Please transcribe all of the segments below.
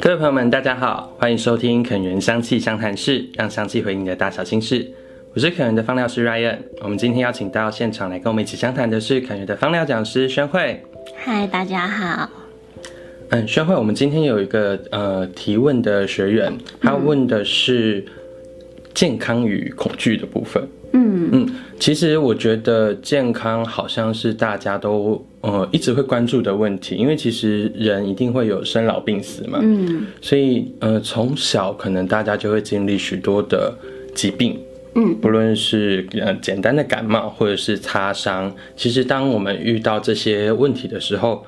各位朋友們，大家好，歡迎收聽《肯園香氣相談室》，讓香氣回應你的大小心事。我是肯園的芳療師 Ryan，我們今天邀請到現場來跟我們一起相談的是肯園的芳療講師宣慧。嗨，大家好。嗯，宣慧，我們今天有一個呃提問的學員，他問的是健康與恐懼的部分。嗯嗯。其實我覺得健康好像是大家都呃一直會關注的問題，因為其實人一定會有生老病死嘛，嗯，所以呃從小可能大家就會經歷許多的疾病，嗯，不論是呃簡單的感冒或者是擦傷，其實當我們遇到這些問題的時候。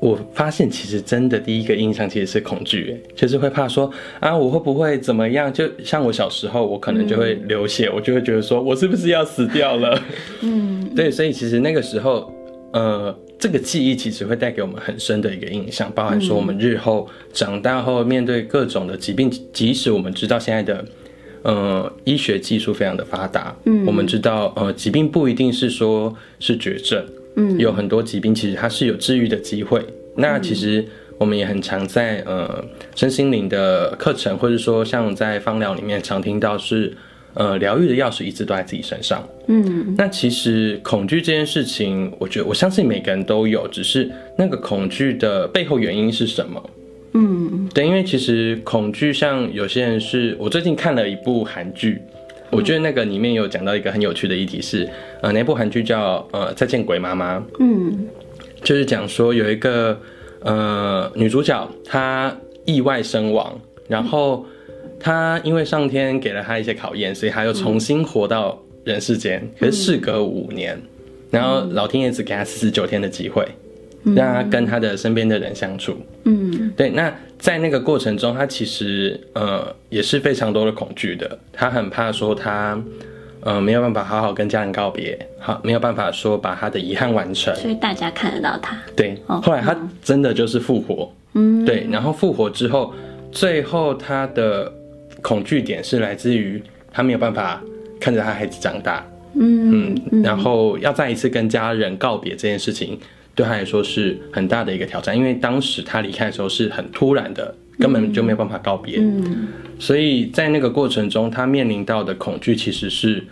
我發現其實真的第一個印象其實是恐懼，哎，就是會怕說啊我會不會怎麼樣？就像我小時候，我可能就會流血、嗯，我就會覺得說我是不是要死掉了？嗯，對，所以其實那個時候，呃，這個記憶其實會帶給我們很深的一個印象，包含說我們日後長大後面對各種的疾病，即使我們知道現在的，呃，醫學技術非常的發達，嗯，我們知道呃疾病不一定是說是絕症。嗯，有很多疾病其實它是有治癒的機會，嗯。那其實我們也很常在呃身心靈的課程，或者說像在芳療裡面常聽到是，呃，療癒的鑰匙一直都在自己身上。嗯，那其實恐懼這件事情，我覺得我相信每個人都有，只是那個恐懼的背後原因是什麼？嗯，對，因為其實恐懼像有些人是，我最近看了一部韓劇。我覺得那個裡面有講到一個很有趣的議題是，呃，那一部韓劇叫呃《再見鬼媽媽》，嗯，就是講說有一個呃女主角她意外身亡，然後她因為上天給了她一些考驗，所以她又重新活到人世間。嗯、可是事隔五年，然後老天爺只給她四十九天的機會，讓她跟她的身邊的人相處。嗯，對，那。在那個過程中，他其實呃也是非常多的恐懼的，他很怕說他，呃沒有辦法好好跟家人告別，好沒有辦法說把他的遺憾完成。所以大家看得到他，對，哦、後來他真的就是復活，嗯，對，然後復活之後，最後他的恐懼點是來自於他沒有辦法看着他孩子長大，嗯嗯，然後要再一次跟家人告別這件事情。對他來說是很大的一個挑戰，因為當時他離開的時候是很突然的，根本就沒有辦法告別。嗯嗯。所以在那個過程中，他面臨到的恐懼其實是，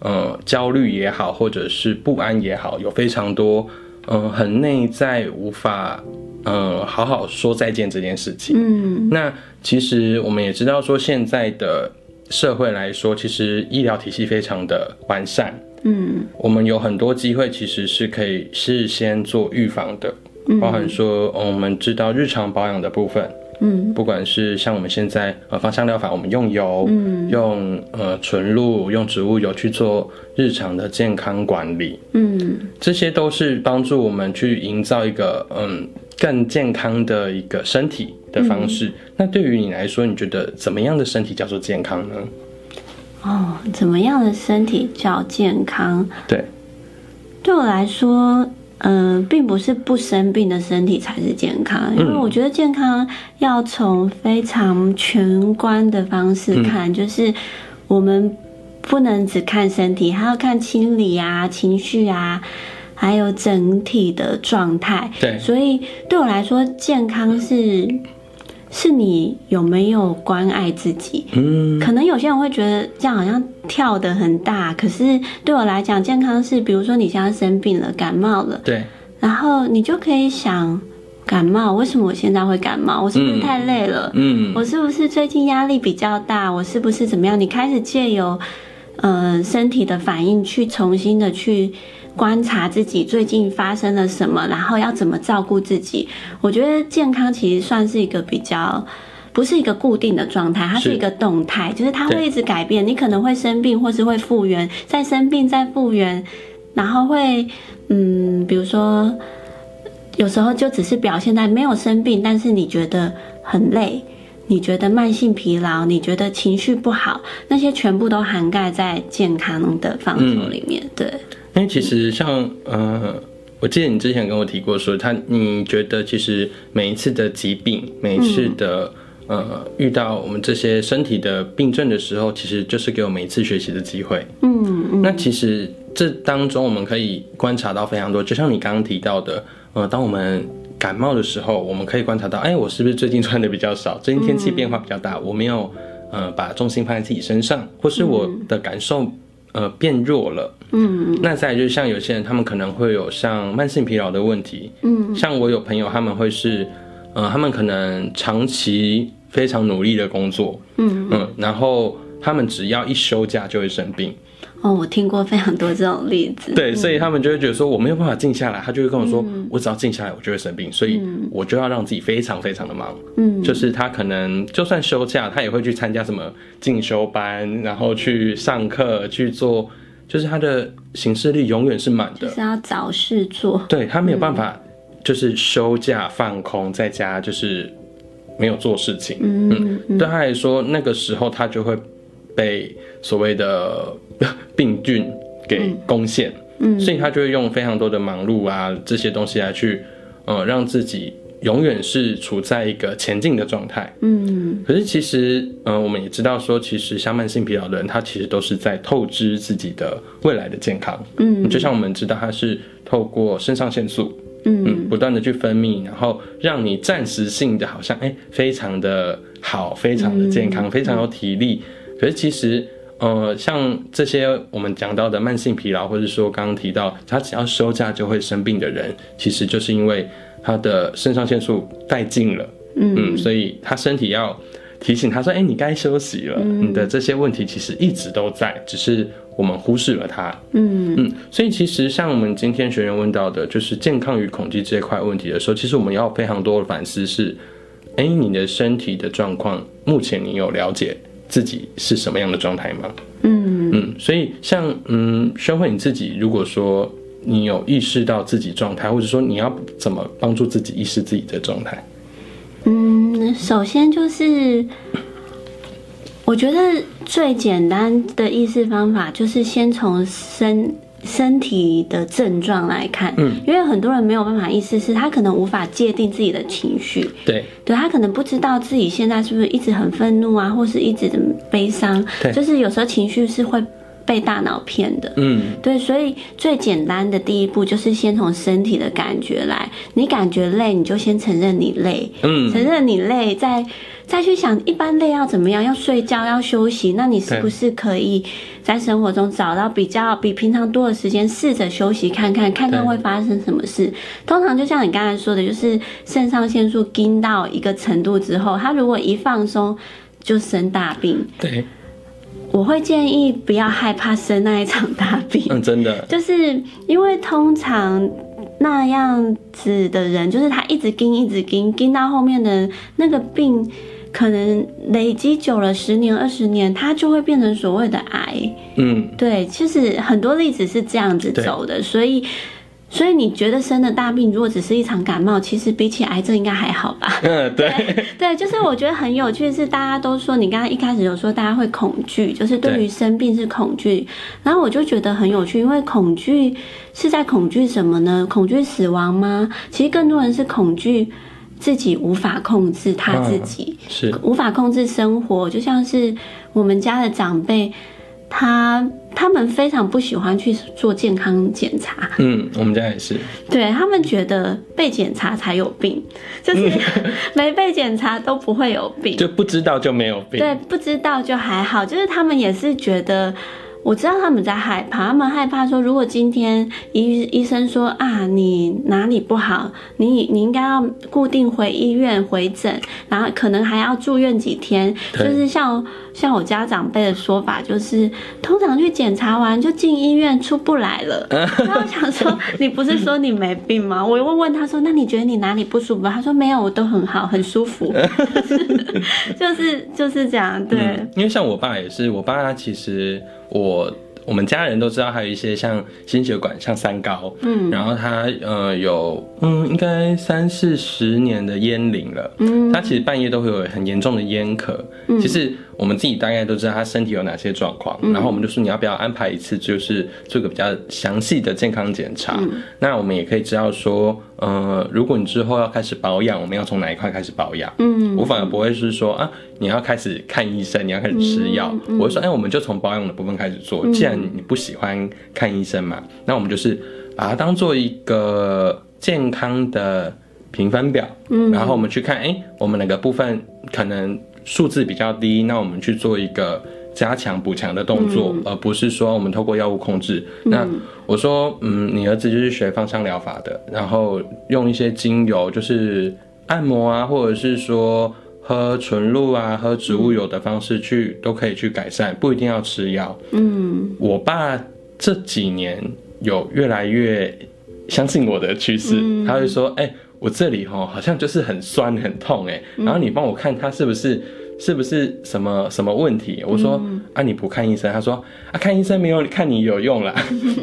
呃，焦慮也好，或者是不安也好，有非常多，嗯，呃，很內在無法，嗯，呃，好好說再見這件事情。嗯，那其實我們也知道說，現在的社會來說，其實醫療體系非常的完善。嗯，我們有很多機會，其實是可以事先做預防的，包含說，嗯嗯，我們知道日常保養的部分，嗯，不管是像我們現在呃芳香療法，我們用油，嗯，用呃純露，用植物油去做日常的健康管理，嗯，這些都是幫助我們去營造一個嗯更健康的一個身體的方式。嗯，那對於你來說，你覺得怎麼樣的身體叫做健康呢？哦，怎麼樣的身體叫健康？對，對我來說，嗯、呃，並不是不生病的身體才是健康。嗯，因為我覺得健康要從非常全觀的方式看，嗯、就是我們不能只看身體，還要看心理啊、情緒啊，還有整體的狀態。對，所以對我來說，健康是。是你有沒有關愛自己？嗯，可能有些人會覺得這樣好像跳得很大，可是對我來講，健康是，比如說你現在生病了，感冒了，對，然後你就可以想，感冒，為什麼我現在會感冒？我是不是太累了？嗯，嗯，我是不是最近壓力比較大？我是不是怎麼樣？你開始借由，呃，身體的反應去重新的去。觀察自己最近發生了什麼，然後要怎麼照顧自己。我覺得健康其實算是一個比較，不是一個固定的狀態，它是一個動態，是就是它會一直改變。你可能會生病，或是會復原，再生病，再復原，然後會，嗯，比如說，有時候就只是表現在沒有生病，但是你覺得很累，你覺得慢性疲勞，你覺得情緒不好，那些全部都涵蓋在健康的範疇裡面，嗯、對。因為其實像嗯、呃，我記得你之前跟我提過說，說他你覺得其實每一次的疾病，每一次的、嗯、呃遇到我們這些身體的病症的時候，其實就是給我們一次學習的機會嗯。嗯，那其實這當中我們可以觀察到非常多，就像你剛剛提到的，呃，當我們感冒的時候，我們可以觀察到，哎，我是不是最近穿得比較少？最近天氣變化比較大，我沒有呃把重心放在自己身上，或是我的感受。呃，變弱了。嗯，那再來就是像有些人，他們可能會有像慢性疲勞的問題。嗯，像我有朋友，他們會是，呃，他們可能長期非常努力的工作。嗯嗯，然後他們只要一休假就會生病。哦、oh，我聽過非常多這種例子。對、嗯，所以他們就會覺得說，我沒有辦法靜下來，他就會跟我說，嗯、我只要靜下來，我就會生病，嗯，所以我就要讓自己非常非常的忙。嗯，就是他可能就算休假，他也會去參加什麼進修班，然後去上課、嗯、去做，就是他的行事曆永遠是滿的，就是要找事做。對，他沒有辦法就是休假放空在家，就是沒有做事情。嗯，嗯，對他來說，那個時候他就會被所謂的病菌給攻陷，嗯，嗯，所以他就會用非常多的忙碌啊這些東西來去，呃，讓自己永遠是處在一個前進的狀態，嗯，可是其實，呃，我們也知道說，其實像慢性疲勞的人，他其實都是在透支自己的未來的健康，嗯，就像我們知道，他是透過腎上腺素，嗯，嗯不斷的去分泌，然後讓你暫時性的好像哎、欸、非常的好，非常的健康，嗯、非常有體力。嗯可是其實，呃，像這些我們講到的慢性疲勞，或者說剛剛提到他只要休假就會生病的人，其實就是因為他的腎上腺素殆盡了嗯。嗯，所以他身體要提醒他說：“哎、欸，你該休息了。嗯”你的這些問題其實一直都在，只是我們忽視了它。嗯嗯，所以其實像我們今天學員問到的，就是健康與恐懼這塊問題的時候，其實我們要有非常多的反思是：哎、欸，你的身體的狀況，目前你有了解？自己是什麼樣的狀態嗎？嗯嗯，所以像嗯，宣慧你自己，如果說你有意識到自己狀態，或者說你要怎麼幫助自己意識自己的狀態？嗯，首先就是，我覺得最簡單的意識方法就是先從身。身體的症狀來看，嗯，因為很多人沒有辦法，意思是，他可能無法界定自己的情緒，對，對，他可能不知道自己現在是不是一直很憤怒啊，或是一直悲傷，對，就是有時候情緒是會。被大腦騙的，嗯，對，所以最簡單的第一步就是先從身體的感覺來，你感覺累，你就先承認你累，嗯，承認你累，再再去想一般累要怎麼樣，要睡覺，要休息，那你是不是可以在生活中找到比較比平常多的時間，試着休息看看，看看會發生什麼事？嗯、通常就像你剛才說的，就是腎上腺素撐到一個程度之後，他如果一放鬆就生大病，對。我會建議不要害怕生那一場大病。嗯，真的，就是因為通常那樣子的人，就是他一直跟、一直跟、跟到後面的那個病，可能累積久了，十年、二十年，他就會變成所謂的癌。嗯，對，其實很多例子是這樣子走的，所以。所以你覺得生的大病，如果只是一場感冒，其實比起癌症應該還好吧？嗯，對，對，就是我覺得很有趣，是大家都說你剛剛一開始有說大家會恐懼，就是對於生病是恐懼，然後我就覺得很有趣，因為恐懼是在恐懼什麼呢？恐懼死亡嗎？其實更多人是恐懼自己無法控制他自己，啊，是，無法控制生活，就像是我們家的長輩。他他們非常不喜歡去做健康檢查。嗯，我們家也是。對，他們覺得被檢查才有病，就是 沒被檢查都不會有病，就不知道就沒有病。對，不知道就還好，就是他們也是覺得，我知道他們在害怕，他們害怕說，如果今天醫醫生說啊，你哪裡不好，你你應該要固定回醫院回診，然後可能還要住院幾天，就是像。像我家長輩的說法就是，通常去檢查完就進醫院出不來了。 然後我想說，你不是說你沒病嗎？我又問問他說，那你覺得你哪裡不舒服？他說沒有，我都很好，很舒服。 就是就是這樣，對、嗯。因為像我爸也是，我爸他其實我我們家人都知道，還有一些像心血管、像三高。嗯，然後他呃有嗯應該三四十年的菸齡了。嗯，他其實半夜都會有很嚴重的菸咳。嗯，其實。我們自己大概都知道他身體有哪些狀況，嗯、然後我們就說你要不要安排一次，就是做個比較詳細的健康檢查、嗯。那我們也可以知道說，呃，如果你之後要開始保養，我們要從哪一塊開始保養？嗯，嗯我反而不會是說啊，你要開始看醫生，你要開始吃藥、嗯嗯，我會說，哎，我們就從保養的部分開始做。既然你不喜歡看醫生嘛，嗯、那我們就是把它當做一個健康的評分表，嗯、然後我們去看，哎，我們哪個部分可能。數字比較低，那我們去做一個加強補強的動作、嗯，而不是說我們透過藥物控制、嗯。那我說，嗯，你兒子就是學芳香療法的，然後用一些精油，就是按摩啊，或者是說喝純露啊，喝植物油的方式去、嗯，都可以去改善，不一定要吃藥。嗯，我爸這幾年有越來越相信我的趨勢、嗯，他會說，哎、欸，我這裡吼好像就是很酸很痛哎，然後你幫我看他是不是？是不是什麼什麼問題？我說啊，你不看醫生？他說啊，看醫生沒有看你有用啦。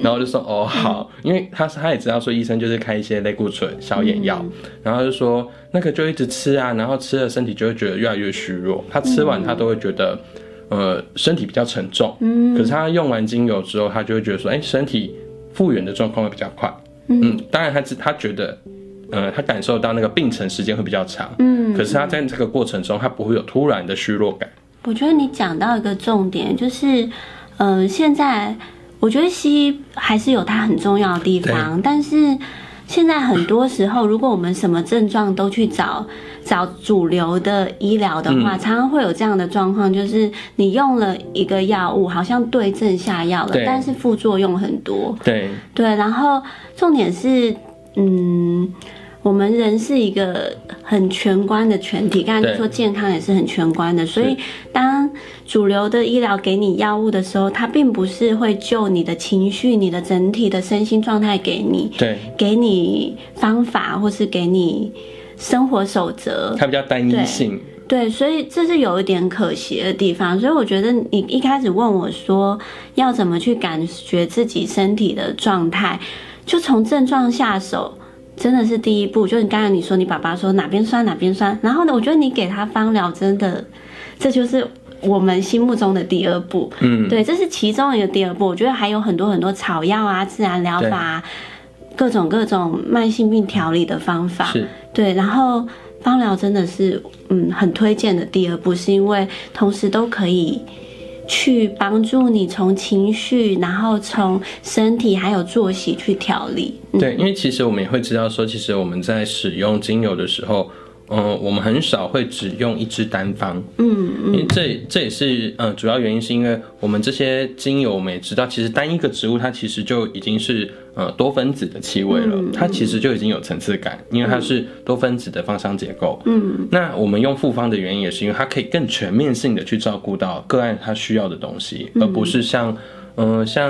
然後就說哦好，因為他是他也知道說醫生就是開一些類固醇消炎藥，然後就說那個就一直吃啊，然後吃了身體就會覺得越來越虛弱。他吃完他都會覺得呃身體比較沉重，嗯，可是他用完精油之後，他就會覺得說哎身體復原的狀況會比較快，嗯，當然他是他覺得。呃，他感受到那個病程時間會比較長，嗯，可是他在這個過程中，他不會有突然的虛弱感。我覺得你講到一個重點，就是，嗯、呃，現在我覺得西醫還是有它很重要的地方，對。但是現在很多時候，如果我們什麼症狀都去找 找主流的醫療的話，常常會有這樣的狀況，就是你用了一個藥物，好像對症下藥了，對，但是副作用很多，對對。然後重點是，嗯。我們人是一個很全觀的群體，剛才說健康也是很全觀的，所以當主流的醫療給你藥物的時候，它並不是會就你的情緒、你的整體的身心狀態給你，對，給你方法或是給你生活守則，它比較單一性對。對，所以這是有一點可惜的地方。所以我覺得你一開始問我說要怎麼去感覺自己身體的狀態，就從症狀下手。真的是第一步，就是你剛才你說你爸爸說哪邊酸哪邊酸，然後呢，我覺得你給他芳療真的，這就是我們心目中的第二步。嗯，對，這是其中一個第二步。我覺得還有很多很多草藥啊、自然療法、啊、各種各種慢性病調理的方法。對，然後芳療真的是嗯很推薦的第二步，是因為同時都可以。去幫助你從情緒，然後從身體，還有作息去調理，嗯。對，因為其實我們也會知道說，其實我們在使用精油的時候。嗯、呃，我們很少會只用一支單方，嗯，嗯，因為這這也是，嗯、呃，主要原因是因為我們這些精油，我們也知道，其實單一個植物它其實就已經是，呃，多分子的氣味了，嗯、它其實就已經有層次感，因為它是多分子的芳香結構。嗯，那我們用複方的原因也是因為它可以更全面性的去照顧到個案它需要的東西，而不是像，嗯、呃，像，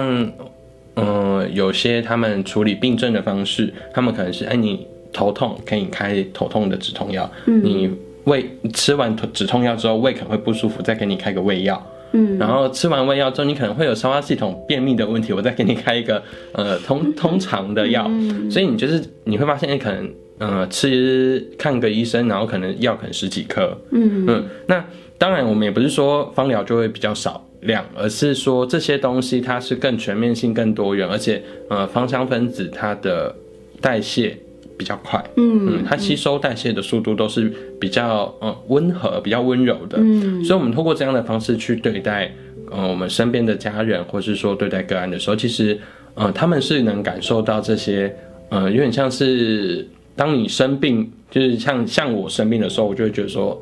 嗯、呃，有些他們處理病症的方式，他們可能是，哎，你。頭痛可以開頭痛的止痛藥，嗯，你胃吃完止痛藥之後胃可能會不舒服，再給你開個胃藥。嗯，然後吃完胃藥之後你可能會有消化系統便秘的問題，我再給你開一個呃通通常的藥，嗯。所以你就是你會發現你可能呃吃看個醫生，然後可能藥可能十幾顆。嗯嗯。那當然我們也不是說芳療就會比較少量，而是說這些東西它是更全面性更多元，而且呃芳香分子它的代謝。比較快，嗯，它、嗯、吸收代謝的速度都是比較，呃、嗯，溫、嗯、和、比較溫柔的，嗯、所以，我們通過這樣的方式去對待，呃、嗯，我們身邊的家人，或是說對待個案的時候，其實，呃、嗯，他們是能感受到這些，呃、嗯，有點像是當你生病。就是像像我生病的時候，我就會覺得說，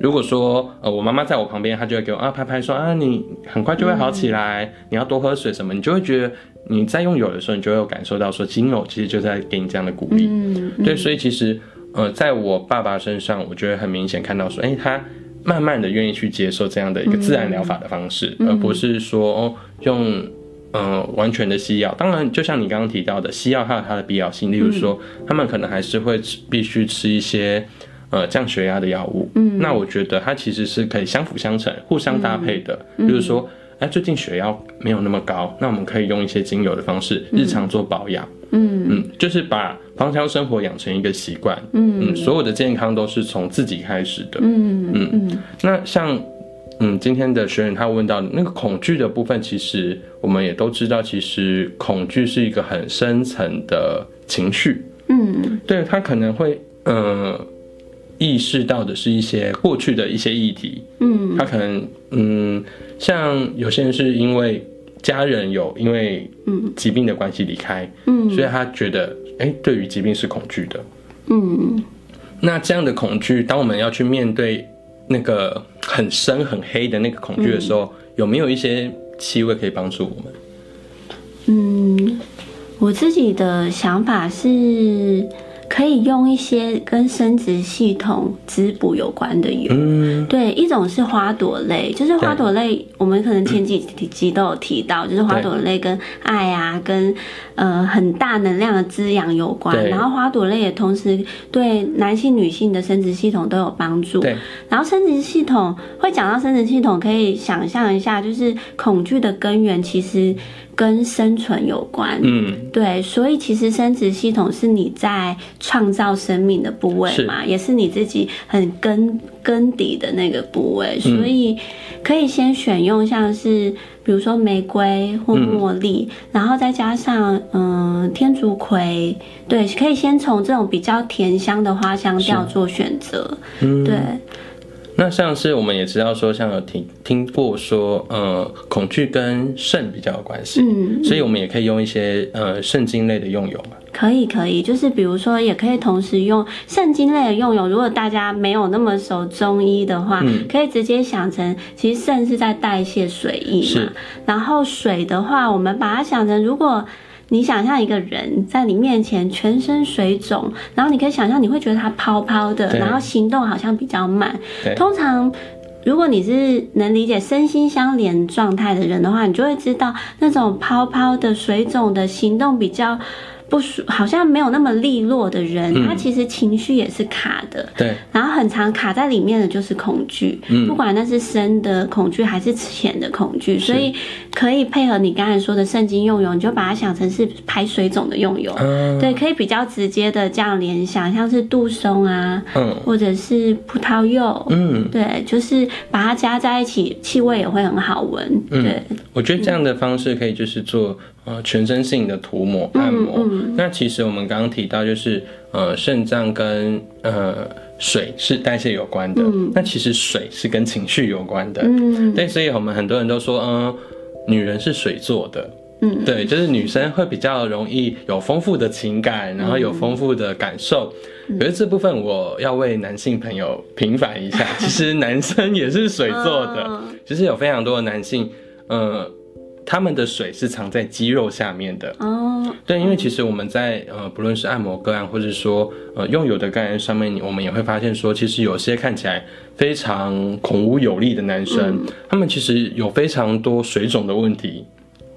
如果說呃我媽媽在我旁邊，她就會給我啊拍拍說啊你很快就會好起來、嗯，你要多喝水什麼，你就會覺得你在用油的時候，你就會有感受到說精油其實就在給你這樣的鼓勵、嗯嗯，對，所以其實呃在我爸爸身上，我就會很明顯看到說，哎、欸、他慢慢的願意去接受這樣的一個自然療法的方式，嗯、而不是說哦用。嗯、呃，完全的西藥，當然，就像你剛剛提到的，西藥它有它的必要性，例如說、嗯，他們可能還是會必須吃一些呃降血壓的藥物。嗯，那我覺得它其實是可以相輔相成、互相搭配的。比、嗯、如、就是、說，哎、欸，最近血壓沒有那麼高，那我們可以用一些精油的方式日常做保養。嗯嗯，嗯，就是把芳香生活養成一個習慣。嗯嗯，所有的健康都是從自己開始的。嗯嗯，嗯，那像。嗯，今天的學員他問到那個恐懼的部分，其實我們也都知道，其實恐懼是一個很深層的情緒。嗯，對，他可能會，嗯、呃，意識到的是一些過去的一些議題。嗯，他可能，嗯，像有些人是因為家人有因為，嗯，疾病的關係離開，嗯，所以他覺得，哎、欸，對於疾病是恐懼的。嗯，那這樣的恐懼，當我們要去面對。那個很深很黑的那個恐懼的時候，有沒有一些氣味可以幫助我們？嗯，我自己的想法是。可以用一些跟生殖系統滋補有關的油，嗯、對，一種是花朵類，就是花朵類，我們可能前幾集都有提到，就是花朵類跟愛啊，跟呃很大能量的滋養有關，然後花朵類也同時對男性、女性的生殖系統都有幫助。然後生殖系統會講到生殖系統，可以想象一下，就是恐懼的根源其實。跟生存有關，嗯，對，所以其實生殖系統是你在創造生命的部位嘛，是也是你自己很根根底的那個部位，嗯，所以可以先選用像是比如說玫瑰或茉莉，嗯，然後再加上嗯天竺葵，對，可以先從這種比較甜香的花香調做選擇，嗯，對。那像是我們也知道說像有聽，像聽聽過說，呃，恐懼跟腎比較有關係，嗯，嗯，所以我們也可以用一些呃腎經類的用油嘛。可以可以，就是比如說也可以同時用腎經類的用油。如果大家沒有那麼熟中醫的話，嗯，可以直接想成，其實腎是在代謝水液嘛。是。然後水的話，我們把它想成，如果。你想象一個人在你面前全身水腫，然後你可以想象你會覺得他泡泡的，然後行動好像比較慢。通常，如果你是能理解身心相連狀態的人的話，你就會知道那種泡泡的水腫的行動比較不舒，好像沒有那麼利落的人，嗯，他其實情緒也是卡的，對，然後很常卡在裡面的就是恐懼，嗯，不管那是深的恐懼還是淺的恐懼，所以可以配合你剛才說的腎經用油，你就把它想成是排水腫的用油，嗯，對，可以比較直接的這樣聯想，像是杜松啊，嗯，或者是葡萄柚，嗯，對，就是把它加在一起，氣味也會很好聞，對，嗯，我覺得這樣的方式可以就是做。呃，全身性的塗抹按摩、嗯嗯，那其實我們剛剛提到就是，呃，腎臟跟呃水是代謝有關的，那、嗯、其實水是跟情緒有關的，嗯，對，所以我們很多人都說，嗯、呃，女人是水做的、嗯，對，就是女生會比較容易有豐富的情感，然後有豐富的感受，有、嗯、一這部分我要為男性朋友平反一下，嗯、其實男生也是水做的、嗯，其實有非常多的男性，呃。他們的水是藏在肌肉下面的哦。對，因為其實我們在、嗯、呃，不論是按摩個案，或者說呃，用油的個案上面，我們也會發現說，其實有些看起來非常孔武有力的男生、嗯，他們其實有非常多水腫的問題。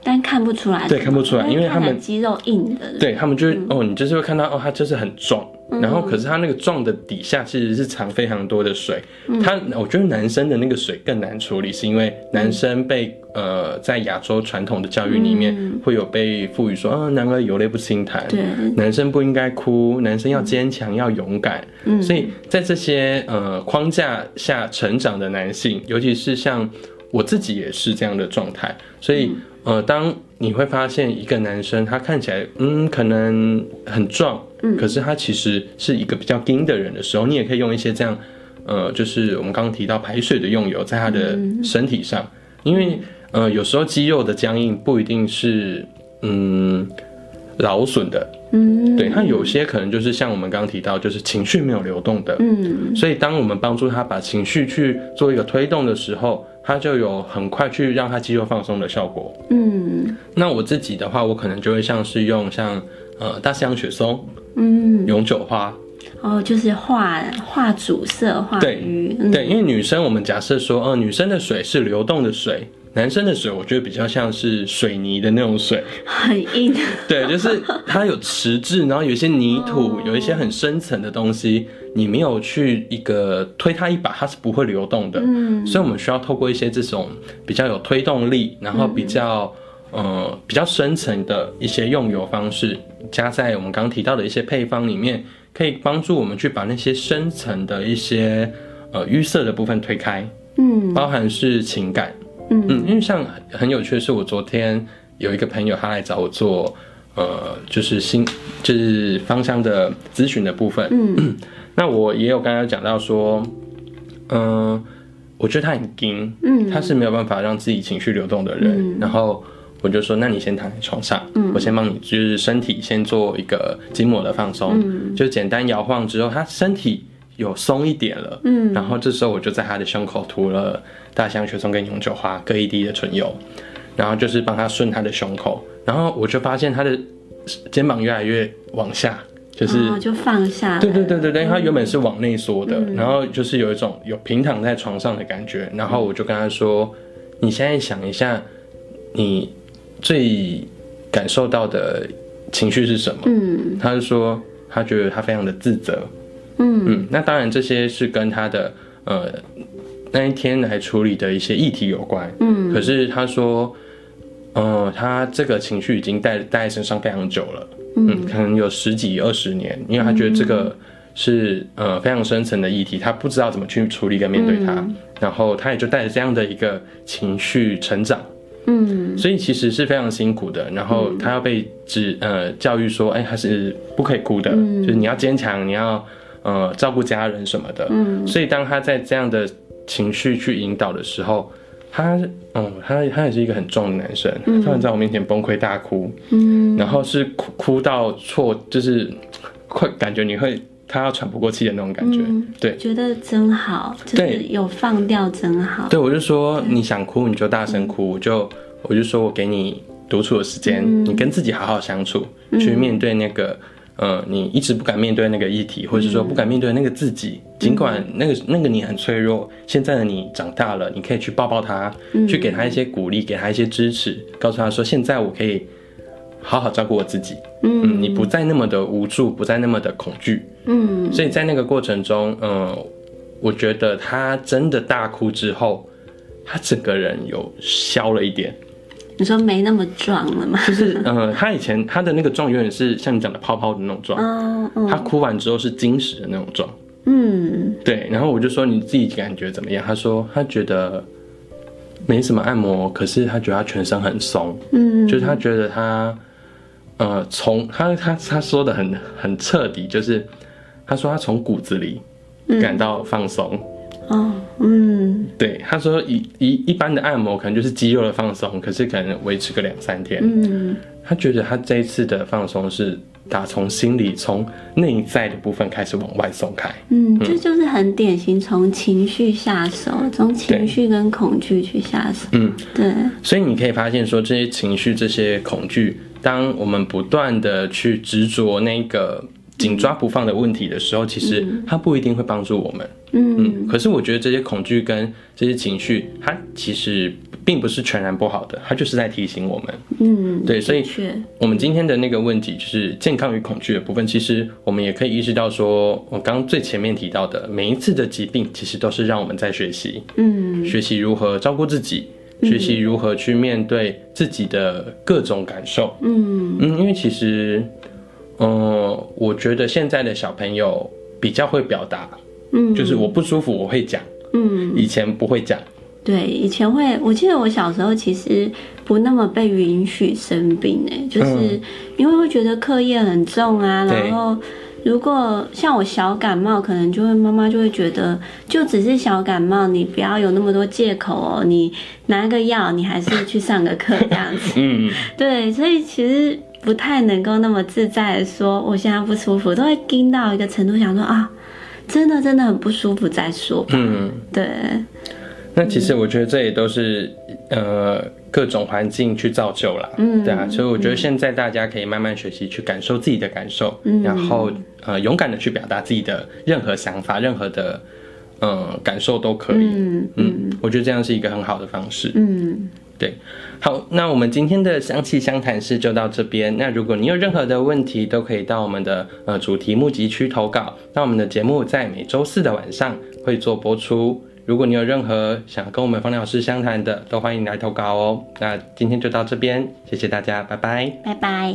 但看不出來，對，看不出來，因為他們為肌肉硬的。對對，對他們就是、嗯、哦，你就是會看到哦，他就是很壯、嗯，然後可是他那個壯的底下其實是藏非常多的水。嗯、他我覺得男生的那個水更難處理，是因為男生被、嗯、呃在亞洲傳統的教育裡面會有被賦予說、嗯，啊，男兒有淚不輕彈，男生不應該哭，男生要堅強、嗯、要勇敢、嗯。所以在這些呃框架下成長的男性，尤其是像我自己也是這樣的狀態，所以。嗯呃，當你會發現一個男生他看起來，嗯，可能很壯，嗯，可是他其實是一個比較硬的人的時候，你也可以用一些這樣，呃，就是我們剛剛提到排水的用油在他的身體上，嗯，因為，呃，有時候肌肉的僵硬不一定是，嗯，勞損的，嗯，對，他有些可能就是像我們剛剛提到，就是情緒沒有流動的，嗯，所以當我們幫助他把情緒去做一個推動的時候。它就有很快去讓它肌肉放鬆的效果。嗯，那我自己的話，我可能就會像是用像呃大西洋雪松，嗯，永久花，哦，就是畫畫主色畫魚。對，嗯，對，因為女生我們假設說，呃，女生的水是流動的水。男生的水，我覺得比較像是水泥的那種水，很硬。 對，就是它有磁質，然後有一些泥土，oh. 有一些很深層的東西，你沒有去一個推它一把，它是不會流動的。嗯。所以我們需要透過一些這種比較有推動力，然後比較、嗯、呃比較深層的一些用油方式，加在我們剛提到的一些配方裡面，可以幫助我們去把那些深層的一些呃淤塞的部分推開。嗯，包含是情感。嗯嗯，因為像很有趣的是，我昨天有一個朋友，他來找我做，呃，就是心，就是芳香的諮詢的部分。嗯， 那我也有剛剛講到說，嗯、呃，我覺得他很硬，嗯，他是沒有辦法讓自己情緒流動的人，嗯。然後我就說，那你先躺在床上，嗯、我先幫你就是身體先做一個筋膜的放鬆，嗯，就簡單搖晃之後，他身體。有鬆一點了，嗯，然後這時候我就在他的胸口塗了大西洋雪松跟永久花各一滴的唇油，然後就是幫他順他的胸口，然後我就發現他的肩膀越來越往下，就是、哦、就放下，對對對對對，他原本是往內縮的、嗯，然後就是有一種有平躺在床上的感覺，然後我就跟他說，你現在想一下，你最感受到的情緒是什麼？嗯，他就說他覺得他非常的自責。嗯嗯，那當然這些是跟他的呃那一天來處理的一些議題有關。嗯，可是他說，呃他這個情緒已經帶帶在身上非常久了，嗯，嗯，可能有十幾二十年，因為他覺得這個是呃非常深層的議題，他不知道怎麼去處理跟面對它，嗯、然後他也就帶着這樣的一個情緒成長，嗯，所以其實是非常辛苦的。然後他要被指呃教育說，哎、欸，他是不可以哭的，嗯、就是你要堅強，你要。呃、嗯，照顧家人什麼的，嗯，所以當他在這樣的情緒去引導的時候，他，嗯，他他也是一個很重的男生，突、嗯、然在我面前崩潰大哭，嗯，然後是哭哭到錯，就是快，快感覺你會他要喘不過氣的那種感覺、嗯，對，覺得真好，就是有放掉真好，對，對我就說你想哭你就大聲哭、嗯，我就我就說我給你獨處的時間、嗯，你跟自己好好相處，嗯、去面對那個。嗯，你一直不敢面對那個議題，或者說不敢面對那個自己，嗯，儘管那個那個你很脆弱。嗯，現在的你長大了，你可以去抱抱他，嗯，去給他一些鼓勵，給他一些支持，告訴他說，現在我可以好好照顧我自己。嗯，你不再那麼的無助，不再那麼的恐懼。嗯，所以在那個過程中，嗯，我覺得他真的大哭之後，他整個人有消了一點。你說沒那麼壯了嗎？就是，呃，他以前他的那個壯，永遠是像你講的泡泡的那種壯。Oh, oh. 他哭完之後是晶石的那種壯。嗯、mm.。對。然後我就說，你自己感覺怎麼樣？他說他覺得沒什麼按摩，可是他覺得他全身很鬆。嗯、mm.。就是他覺得他，呃，從他他他說的很很徹底，就是他說他從骨子裡感到放鬆。Mm. 哦、oh,，嗯，對，他說一一一般的按摩可能就是肌肉的放鬆，可是可能維持個兩三天。嗯，他覺得他這一次的放鬆是打從心裡、從內在的部分開始往外鬆開。嗯，這就，就是很典型、嗯，從情緒下手，從情緒跟恐懼去下手。嗯，對。所以你可以發現說，這些情緒、這些恐懼，當我們不斷的去執着那個。緊抓不放的問題的時候，其實它不一定會幫助我們。嗯，嗯，可是我覺得這些恐懼跟這些情緒，它其實並不是全然不好的，它就是在提醒我們。嗯，對，所以我們今天的那個問題就是健康與恐懼的部分。其實我們也可以意識到，說我剛最前面提到的，每一次的疾病，其實都是讓我們在學習。嗯，學習如何照顧自己，嗯、學習如何去面對自己的各種感受。嗯嗯，因為其實。嗯、呃，我覺得現在的小朋友比較會表達，嗯，就是我不舒服我會講，嗯，以前不會講，對，以前會，我記得我小時候其實不那麼被允許生病，哎，就是因為會覺得課業很重啊、嗯，然後如果像我小感冒，可能就會媽媽就會覺得就只是小感冒，你不要有那麼多借口哦，你拿個藥，你還是去上個課這樣子， 嗯，對，所以其實。不太能夠那麼自在的說，我現在不舒服，都會撐到一個程度，想說啊，真的真的很不舒服，再說吧。嗯，對。那其實我覺得這也都是、嗯、呃各種環境去造就了。嗯，對啊。所以我覺得現在大家可以慢慢學習去感受自己的感受，嗯、然後呃勇敢的去表達自己的任何想法、任何的嗯、呃、感受都可以嗯。嗯，嗯，我覺得這樣是一個很好的方式。嗯。對，好，那我們今天的香氣相談室就到這邊。那如果你有任何的問題，都可以到我們的呃主題募集區投稿。那我們的節目在每周四的晚上會做播出。如果你有任何想跟我們芳療老師相談的，都歡迎來投稿哦。那今天就到這邊，謝謝大家，拜拜，拜拜。